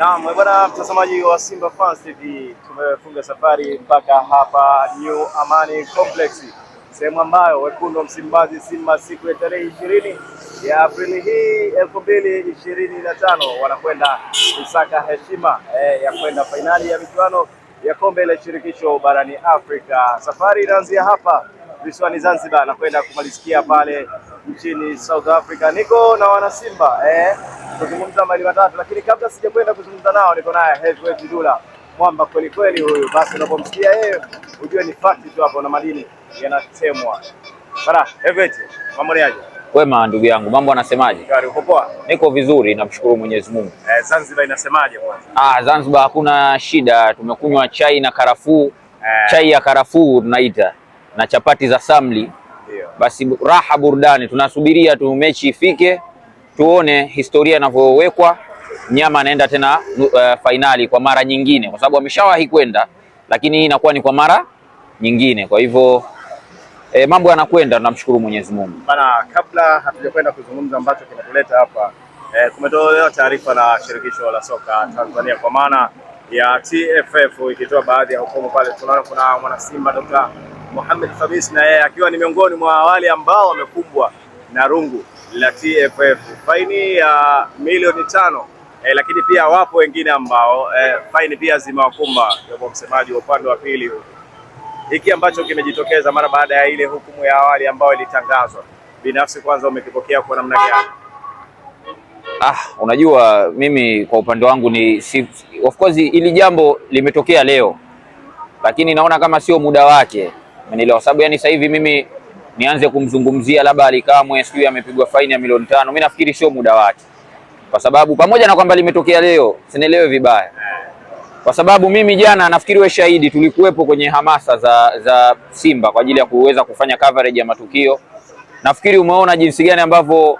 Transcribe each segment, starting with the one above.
Naam, bwana mtazamaji wa Simba Fans TV, tumefunga safari mpaka hapa New Amani Complex, sehemu ambayo wekundu wa Msimbazi Simba siku ya tarehe ishirini ya Aprili hii elfu mbili ishirini na tano wanakwenda kusaka heshima eh, ya kwenda fainali ya michuano ya kombe la shirikisho barani Afrika. Safari inaanzia hapa visiwani Zanzibar na kwenda kumalizikia pale nchini South Africa. Niko na wanasimba eh, kuzungumza mali matatu, lakini kabla sijakwenda kuzungumza nao, niko naye Heavyweight Dulla mwamba kweli kweli huyu. Basi unapomsikia yeye ujue ni fact tu hapo na madini yanatemwa. Bara, Heavyweight, mambo ni aje? Kwema ndugu yangu, mambo anasemaje? Uko poa? Niko vizuri, namshukuru Mwenyezi Mungu. Eh, Zanzibar inasemaje kwanza? Ah, Zanzibar hakuna shida, tumekunywa chai na karafuu eh, chai ya karafuu tunaita na chapati za samli basi raha burudani, tunasubiria tu mechi ifike tuone historia inavyowekwa. Mnyama anaenda tena uh, eh, fainali kwa mara nyingine, kwa sababu ameshawahi kwenda, lakini hii inakuwa ni kwa mara nyingine. Kwa hivyo eh, mambo yanakwenda, tunamshukuru Mwenyezi Mungu bana. Kabla hatujakwenda kuzungumza ambacho kinatuleta hapa eh, kumetolewa taarifa na shirikisho la soka Tanzania kwa maana ya TFF ikitoa baadhi ya hukumu pale, tunaona kuna mwanasimba Dr. Mohamed Khamis na yeye akiwa ni miongoni mwa wale ambao wamekumbwa na rungu la TFF faini ya uh, milioni tano eh, lakini pia wapo wengine ambao eh, faini pia zimewakumba kwa msemaji wa upande wa pili hiki ambacho kimejitokeza mara baada ya ile hukumu ya awali ambayo ilitangazwa, binafsi kwanza umekipokea kwa namna gani? Ah, unajua mimi kwa upande wangu ni si, of course ili jambo limetokea leo, lakini naona kama sio muda wake Umenielewa? Sababu yani sasa hivi mimi nianze kumzungumzia labda Alikamwe sijui amepigwa faini ya milioni tano, mimi nafikiri sio muda wake, kwa sababu pamoja na kwamba limetokea leo, sinielewe vibaya, kwa sababu mimi jana, nafikiri we shahidi, tulikuwepo kwenye hamasa za, za Simba kwa ajili ya kuweza kufanya coverage ya matukio. Nafikiri umeona jinsi gani ambavyo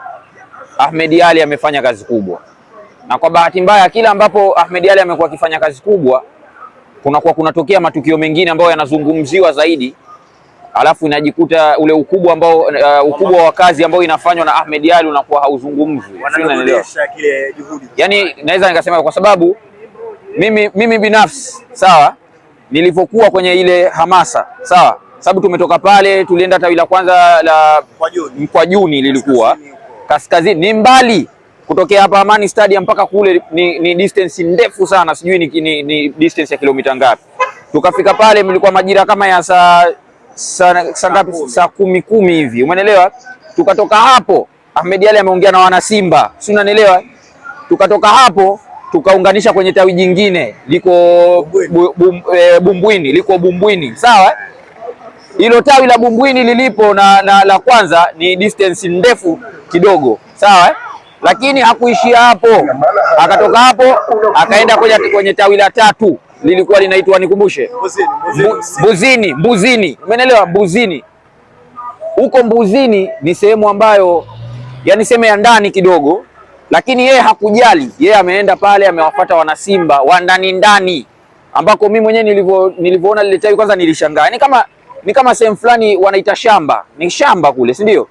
Ahmed Ali amefanya kazi kubwa, na kwa bahati mbaya kila ambapo Ahmed Ali amekuwa akifanya kazi kubwa kunakuwa kunatokea matukio mengine ambayo yanazungumziwa zaidi alafu inajikuta ule ukubwa ambao uh, ukubwa wa kazi ambao inafanywa na Ahmed Ali unakuwa hauzungumzwi, kile Yani naweza nikasema kwa sababu mimi, mimi binafsi sawa, nilivyokuwa kwenye ile hamasa sawa, sababu tumetoka pale, tulienda tawi la kwanza la Mkwajuni, lilikuwa kaskazini, ni mbali kutokea hapa Amani Stadium mpaka kule ni, ni distance ndefu sana, sijui ni, ni, ni distance ya kilomita ngapi. Tukafika pale mlikuwa majira kama ya saa saa saa kumi kumi hivi, umeelewa? Tukatoka hapo Ahmed Ally ameongea na wana Simba, si unanielewa? Tukatoka hapo tukaunganisha kwenye tawi jingine liko bu, bu, e, eh, Bumbwini, liko Bumbwini, sawa. Hilo tawi la Bumbwini lilipo na, na la kwanza ni distance ndefu kidogo, sawa, lakini hakuishia hapo, akatoka hapo akaenda kwenye, kwenye tawi la tatu lilikuwa linaitwa nikumbushe, Mbuzini. Mbuzini, umeelewa? Mbuzini huko, Mbuzini ni sehemu ambayo yani sema ya ndani kidogo, lakini yeye hakujali. Yeye ameenda pale, amewafuata wanasimba wa ndani ndani, ambako mimi mwenyewe nilivyo nilivyoona lile tawi kwanza nilishangaa, yani kama ni kama sehemu fulani wanaita shamba, ni shamba kule, si ndio?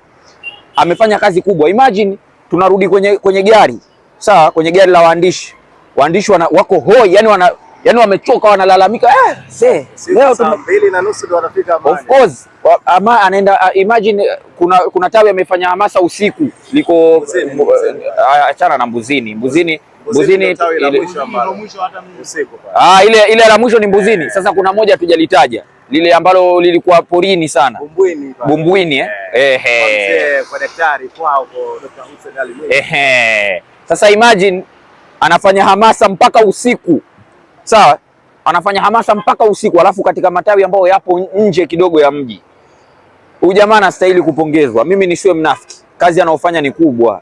Amefanya kazi kubwa. Imagine tunarudi kwenye kwenye gari sawa, kwenye gari la waandishi, waandishi wana, wako hoi yani wana yani wamechoka, wanalalamika eh, see, leo saa mbili na nusu ndo wanafika Amani. Of course ama anaenda uh, imagine, kuna kuna tawi amefanya hamasa usiku liko uh, uh, achana na Mbuzini, Mbuzini Mbuzini ah, ile ile la mwisho ni Mbuzini eh. Sasa kuna moja tujalitaja lile ambalo lilikuwa porini sana Bumbwini, Bumbwini eh, eh, eh. Kwa daktari kwa huko, Dr. Hussein Ali eh, eh. Sasa imagine anafanya hamasa mpaka usiku sawa, anafanya hamasa mpaka usiku, alafu katika matawi ambayo yapo nje kidogo ya mji. Huyu jamaa anastahili kupongezwa, mimi nisiwe mnafiki, kazi anaofanya ni kubwa,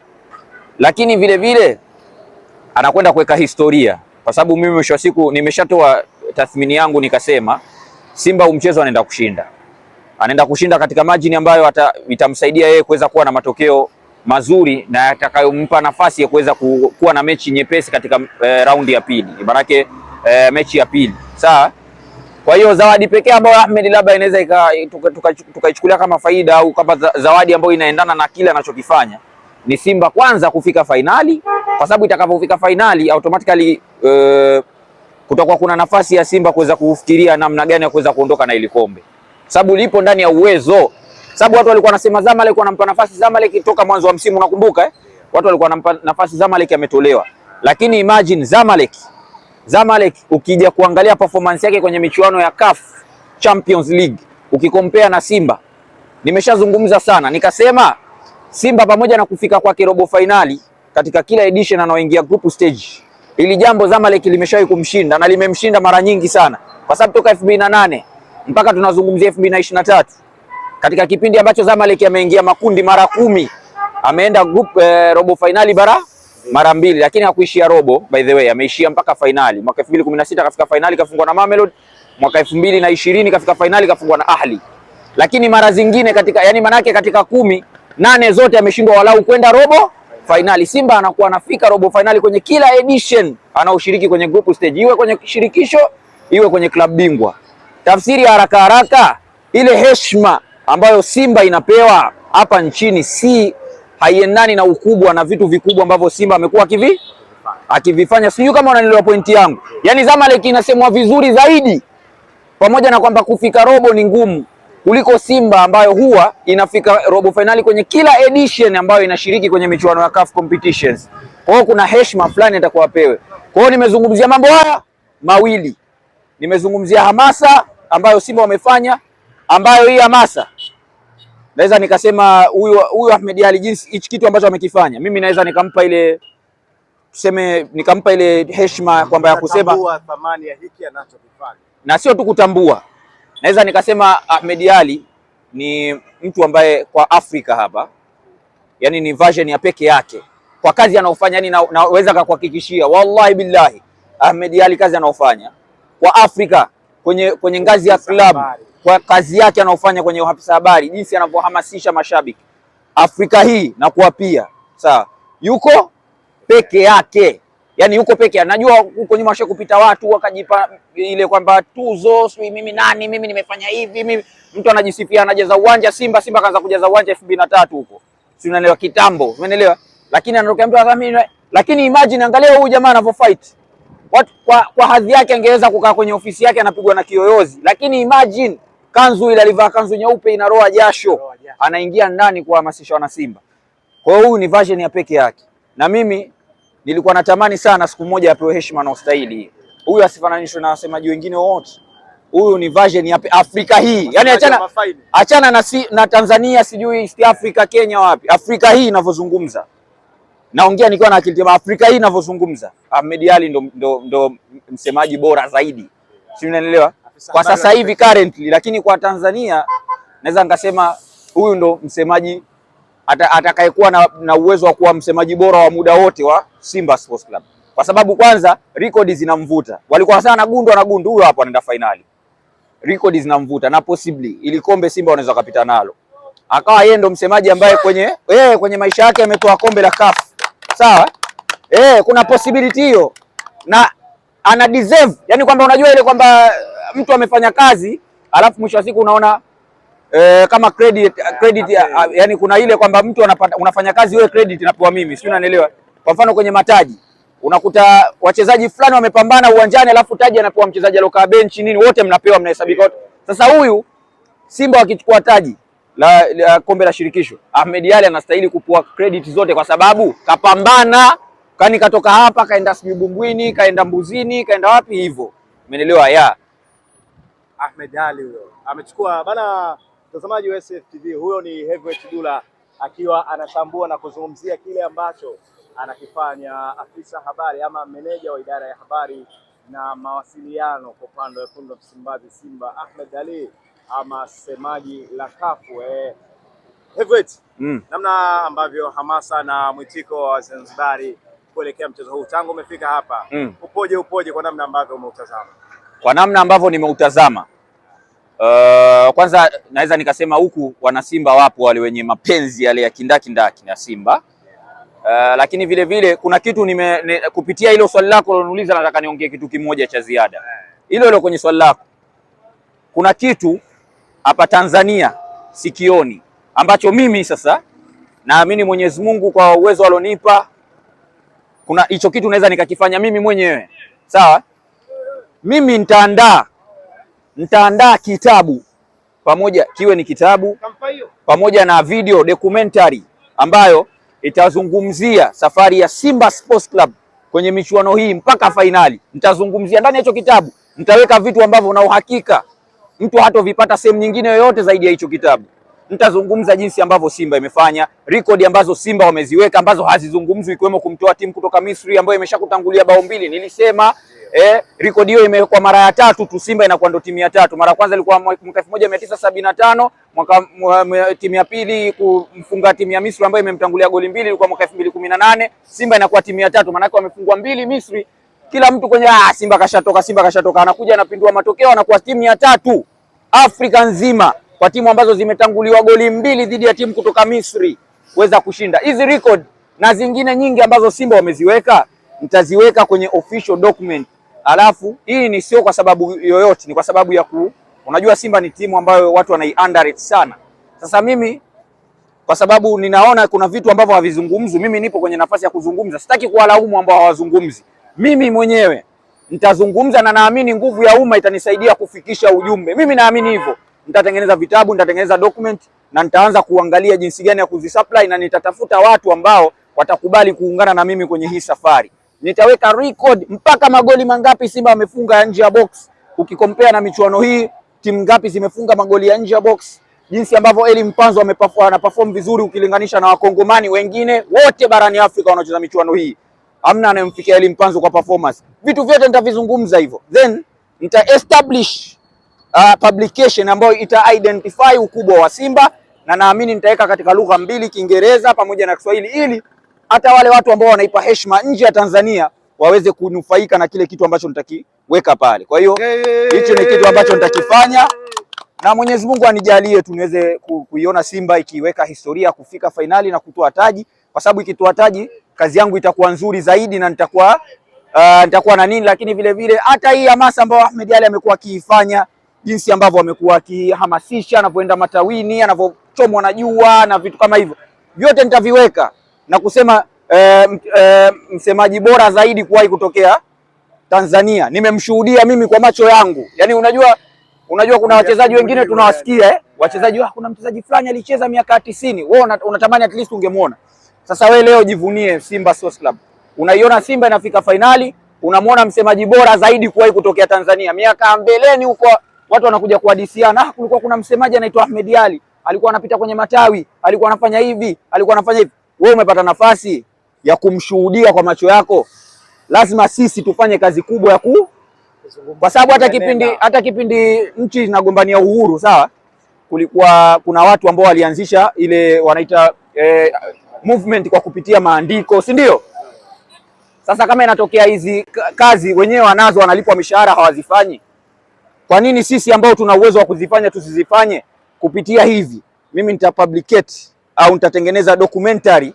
lakini vile vile anakwenda kuweka historia, kwa sababu mimi mwisho wa siku nimeshatoa tathmini yangu nikasema Simba huu mchezo anaenda kushinda, anaenda kushinda katika majini ambayo itamsaidia yeye kuweza kuwa na matokeo mazuri na yatakayompa nafasi ya kuweza kuwa na mechi nyepesi katika e, raundi ya pili maanake e, mechi ya pili sawa. Kwa hiyo zawadi pekee ambayo Ahmed labda inaweza tukaichukulia tuka, tuka kama faida au kama zawadi ambayo inaendana na kile anachokifanya ni Simba kwanza kufika fainali, kwa sababu itakapofika fainali automatically e, kutakuwa kuna nafasi ya Simba kuweza kufikiria namna gani ya kuweza kuondoka na ile kombe, sababu lipo ndani ya uwezo, sababu watu walikuwa wanasema Zamalek alikuwa anampa nafasi Zamalek kutoka mwanzo wa msimu, nakumbuka eh? Watu walikuwa wanampa nafasi Zamalek, ametolewa, lakini imagine Zamalek Zamalek ukija kuangalia performance yake kwenye michuano ya CAF Champions League ukikompea na Simba, nimeshazungumza sana nikasema Simba pamoja na kufika kwake robo finali katika kila edition anaoingia group stage, ili jambo Zamalek limeshawahi kumshinda na limemshinda mara nyingi sana, kwa sababu toka 2008 mpaka tunazungumzia 2023 katika kipindi ambacho Zamalek ameingia makundi mara kumi ameenda group eh, robo finali bara mara mbili, lakini hakuishia robo, by the way, ameishia mpaka fainali. Mwaka 2016 kafika fainali kafungwa na Mamelodi, mwaka 2020 kafika fainali kafungwa na Ahli, lakini mara zingine katika, yani manake katika kumi nane zote ameshindwa walau kwenda robo fainali. Simba anakuwa anafika robo fainali kwenye kila edition anaoshiriki kwenye group stage, iwe kwenye shirikisho iwe kwenye klabu bingwa. Tafsiri ya haraka haraka, ile heshima ambayo Simba inapewa hapa nchini si haiendani na ukubwa na vitu vikubwa ambavyo Simba amekuwa akivi akivifanya. Sijui kama unanielewa pointi yangu. Yaani Zamalek inasemwa vizuri zaidi, pamoja na kwamba kufika robo ni ngumu kuliko Simba ambayo huwa inafika robo fainali kwenye kila edition ambayo inashiriki kwenye michuano ya CAF competitions. Kwa hiyo kuna heshima fulani atakuwa apewe. Kwa hiyo nimezungumzia mambo haya mawili, nimezungumzia hamasa ambayo Simba wamefanya, ambayo hii hamasa naweza nikasema huyu huyu Ahmed Ally jinsi hichi kitu ambacho amekifanya, mimi naweza nikampa ile tuseme, nikampa ile heshima kwamba ya kusema thamani ya hiki anachokifanya, na sio tu kutambua, naweza nikasema Ahmed Ally ni mtu ambaye kwa Afrika hapa, yani ni version ya peke yake kwa kazi anaofanya, yani naweza na kukuhakikishia wallahi billahi Ahmed Ally kazi anaofanya kwa Afrika kwenye, kwenye ngazi ya klabu kwa kazi yake anaofanya kwenye uhafisa habari, jinsi anavyohamasisha mashabiki Afrika hii na kuwa pia Sawa, yuko peke yake, yani yuko peke yake. Najua huko nyuma kupita watu wakajipa ile kwamba tuzo, sijui mimi nani, mimi nimefanya hivi, mimi mtu anajisifia, anajaza uwanja Simba. Simba kaanza kujaza uwanja elfu mbili na tatu huko, si unaelewa, kitambo, umeelewa? Lakini anatokea mtu athamini, lakini imagine, angalia huyu jamaa anavyofight watu kwa, kwa hadhi yake angeweza kukaa kwenye ofisi yake anapigwa na kiyoyozi, lakini imagine kanzu ile alivaa kanzu nyeupe inaroa jasho, anaingia ndani kuhamasisha wana Simba. Kwa hiyo huyu ni version ya peke yake, na mimi nilikuwa natamani sana siku moja apewe heshima na ustahili. Huyu asifananishwe na wasemaji wengine wote. Huyu ni version ya Afrika hii, yani achana, achana na, si, na Tanzania sijui East Africa, Kenya, wapi. Afrika hii inavyozungumza, naongea nikiwa na akili timamu. Afrika hii inavyozungumza, Ahmed Ally ndo, ndo, ndo msemaji bora zaidi, si unanielewa? kwa sasa hivi currently, lakini kwa Tanzania naweza nikasema huyu ndo msemaji atakayekuwa na, na uwezo wa kuwa msemaji bora wa muda wote wa Simba Sports Club, kwa sababu kwanza rekodi zinamvuta. Walikuwa sana gundu na gundu, huyo hapo anaenda fainali, rekodi zinamvuta na possibly ili kombe Simba wanaweza kupita nalo, akawa yeye ndo msemaji ambaye kwenye eh, kwenye maisha yake ametoa kombe la CAF, sawa eh, kuna possibility hiyo na ana deserve, yani kwamba unajua ile kwamba mtu amefanya kazi alafu mwisho wa siku unaona e, kama credit, credit yeah, okay. yani kuna ile kwamba mtu anapata, unafanya kazi wewe credit napewa mimi, sio unanielewa? Kwa mfano kwenye mataji unakuta wachezaji fulani wamepambana uwanjani alafu taji anapewa mchezaji aloka benchi nini, wote mnapewa, mnahesabika wote. Sasa huyu Simba wakichukua taji la, la kombe la shirikisho, Ahmed Ally anastahili kupewa credit zote kwa sababu kapambana, kani katoka hapa kaenda sijui Bumbwini, kaenda Mbuzini, kaenda wapi hivyo, umeelewa ya Ahmed Ali huyo amechukua bana. Mtazamaji wa SFTV, huyo ni Heavyweight Dulla akiwa anatambua na kuzungumzia kile ambacho anakifanya afisa habari ama meneja wa idara ya habari na mawasiliano kwa upande wa wekundu wa Msimbazi Simba Ahmed Ali ama semaji la kafu eh, Heavyweight mm. namna ambavyo hamasa na mwitiko wa Zanzibari kuelekea mchezo huu tangu umefika hapa mm. upoje upoje, kwa namna ambavyo umeutazama? kwa namna ambavyo nimeutazama, uh, kwanza naweza nikasema huku wanasimba wapo wale wenye mapenzi yale ya ndaki na Simba uh, lakini vile vile kuna kitu nime, ne, kupitia hilo swali lako uloniuliza, nataka niongee kitu kimoja cha ziada hilo hilo kwenye swali lako. Kuna kitu hapa Tanzania sikioni ambacho mimi sasa naamini Mwenyezi Mungu kwa uwezo alonipa, kuna hicho kitu naweza nikakifanya mimi mwenyewe, sawa mimi nitaandaa nitaandaa kitabu pamoja, kiwe ni kitabu pamoja na video documentary ambayo itazungumzia safari ya Simba Sports Club kwenye michuano hii mpaka fainali. Nitazungumzia ndani ya hicho kitabu, nitaweka vitu ambavyo na uhakika mtu hatovipata sehemu nyingine yoyote zaidi ya hicho kitabu. Nitazungumza jinsi ambavyo Simba imefanya, rekodi ambazo Simba wameziweka ambazo hazizungumzwi, ikiwemo kumtoa timu kutoka Misri ambayo imeshakutangulia bao mbili. Nilisema eh, rekodi hiyo imekuwa mara ya tatu tu, Simba inakuwa ndo timu ya tatu. Mara kwanza ilikuwa mwaka elfu moja mia tisa sabini na tano mwaka timu ya pili kumfunga timu ya Misri ambayo imemtangulia goli mbili ilikuwa mwaka elfu mbili kumi na nane Simba inakuwa timu ya tatu, maanake wamefungwa mbili Misri. Kila mtu kwenye ah, Simba kashatoka, Simba kashatoka, anakuja anapindua matokeo, anakuwa timu ya tatu Afrika nzima kwa timu ambazo zimetanguliwa goli mbili dhidi ya timu kutoka Misri weza kushinda hizi record na zingine nyingi ambazo Simba wameziweka, nitaziweka kwenye official document Alafu hii ni sio kwa sababu yoyote, ni kwa sababu ya ku, unajua Simba ni timu ambayo watu wanai underrate sana. Sasa mimi kwa sababu ninaona kuna vitu ambavyo havizungumzwi, mimi nipo kwenye nafasi ya kuzungumza. Sitaki kuwalaumu ambao hawazungumzi, mimi mwenyewe nitazungumza, na naamini nguvu ya umma itanisaidia kufikisha ujumbe. Mimi naamini hivyo. Nitatengeneza vitabu, nitatengeneza document na nitaanza kuangalia jinsi gani ya kuzisupply, na nitatafuta watu ambao watakubali kuungana na mimi kwenye hii safari nitaweka record mpaka magoli mangapi Simba wamefunga nje ya box, ukikompea na michuano hii, timu ngapi zimefunga magoli ya nje ya box, jinsi ambavyo Eli Mpanzo anaperform vizuri ukilinganisha na wakongomani wengine wote barani Afrika wanaocheza michuano hii, amna anayemfikia Eli Mpanzo kwa performance. Vitu vyote nitavizungumza hivyo, then nita establish uh, publication ambayo ita identify ukubwa wa Simba, na naamini nitaweka katika lugha mbili, Kiingereza pamoja na Kiswahili ili hata wale watu ambao wanaipa heshima nje ya Tanzania waweze kunufaika na kile kitu ambacho nitakiweka pale. Kwa hiyo hicho ni kitu ambacho nitakifanya na Mwenyezi Mungu anijalie tu niweze kuiona Simba ikiweka historia kufika fainali na kutoa taji, kwa sababu ikitoa taji kazi yangu itakuwa nzuri zaidi na nitakuwa uh, nitakuwa na nini, lakini vile vile hata hii hamasa ambayo Ahmed Ally amekuwa akiifanya, jinsi ambavyo amekuwa akihamasisha, anavyoenda matawini, anavyochomwa na jua na vitu kama hivyo, vyote nitaviweka na kusema e, e, msemaji bora zaidi kuwahi kutokea Tanzania. Nimemshuhudia mimi kwa macho yangu, yaani unajua unajua kuna wachezaji wengine tunawasikia eh? Wachezaji ah, kuna mchezaji fulani alicheza miaka tisini, wewe unatamani at least ungemwona. Sasa wewe leo jivunie Simba Sports Club, unaiona Simba inafika fainali, unamwona msemaji bora zaidi kuwahi kutokea Tanzania. Miaka mbeleni huko watu wanakuja kuhadisiana, ah, kulikuwa kuna msemaji anaitwa Ahmed Ali, alikuwa anapita kwenye matawi, alikuwa anafanya hivi, alikuwa anafanya hivi wewe umepata nafasi ya kumshuhudia kwa macho yako, lazima sisi tufanye kazi kubwa ya ku, kwa sababu hata kipindi hata kipindi nchi inagombania uhuru sawa, kulikuwa kuna watu ambao walianzisha ile wanaita eh, movement kwa kupitia maandiko, si ndio? Sasa kama inatokea hizi kazi wenyewe wanazo, wanalipwa mishahara, hawazifanyi, kwa nini sisi ambao tuna uwezo wa kuzifanya tusizifanye kupitia hivi? Mimi nita au nitatengeneza documentary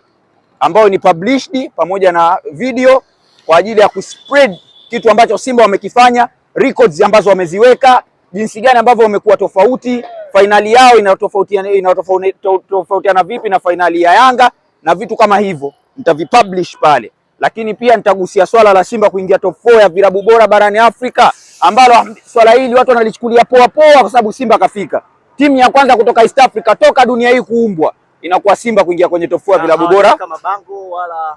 ambayo ni published pamoja na video kwa ajili ya kuspread kitu ambacho Simba wamekifanya, records ambazo wameziweka, jinsi gani ambavyo wamekuwa tofauti, fainali yao inatofautiana inatofautiana vipi na fainali ya Yanga na vitu kama hivyo, nitavipublish pale. Lakini pia nitagusia swala la Simba kuingia top 4 ya vilabu bora barani Afrika, ambalo swala hili watu wanalichukulia poa poa, kwa sababu Simba kafika timu ya kwanza kutoka East Africa toka dunia hii kuumbwa inakuwa Simba kuingia kwenye tofua ya vilabu bora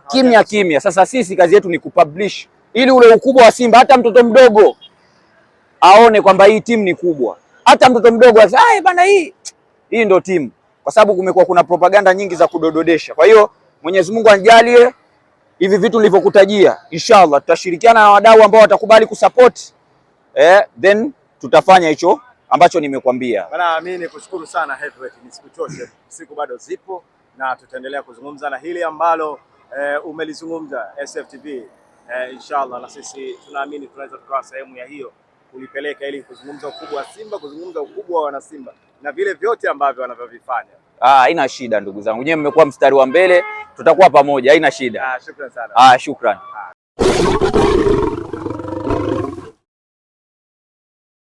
kimya kimya. Sasa sisi kazi yetu ni kupublish ili ule ukubwa wa Simba hata mtoto mdogo aone kwamba hii timu ni kubwa, hata mtoto mdogo asema ah, bana hii hii ndio timu, kwa sababu kumekuwa kuna propaganda nyingi za kudododesha. Kwa hiyo Mwenyezi Mungu anijalie hivi vitu nilivyokutajia, inshallah tutashirikiana na wadau ambao watakubali kusupport eh, then tutafanya hicho ambacho nimekwambia. Bana, mimi nikushukuru sana Heavyweight, nisikuchoshe, siku bado zipo na tutaendelea kuzungumza na hili ambalo e, umelizungumza SFTV e, eh, inshallah na sisi tunaamini tunaweza tukawa sehemu ya hiyo kulipeleka ili kuzungumza ukubwa wa Simba, kuzungumza ukubwa wa wanasimba na vile vyote ambavyo wanavyovifanya. Ah, haina shida ndugu zangu, nyewe mmekuwa mstari wa mbele, tutakuwa pamoja, haina shida. Ah, shukrani sana. Ah, shukrani. Ah.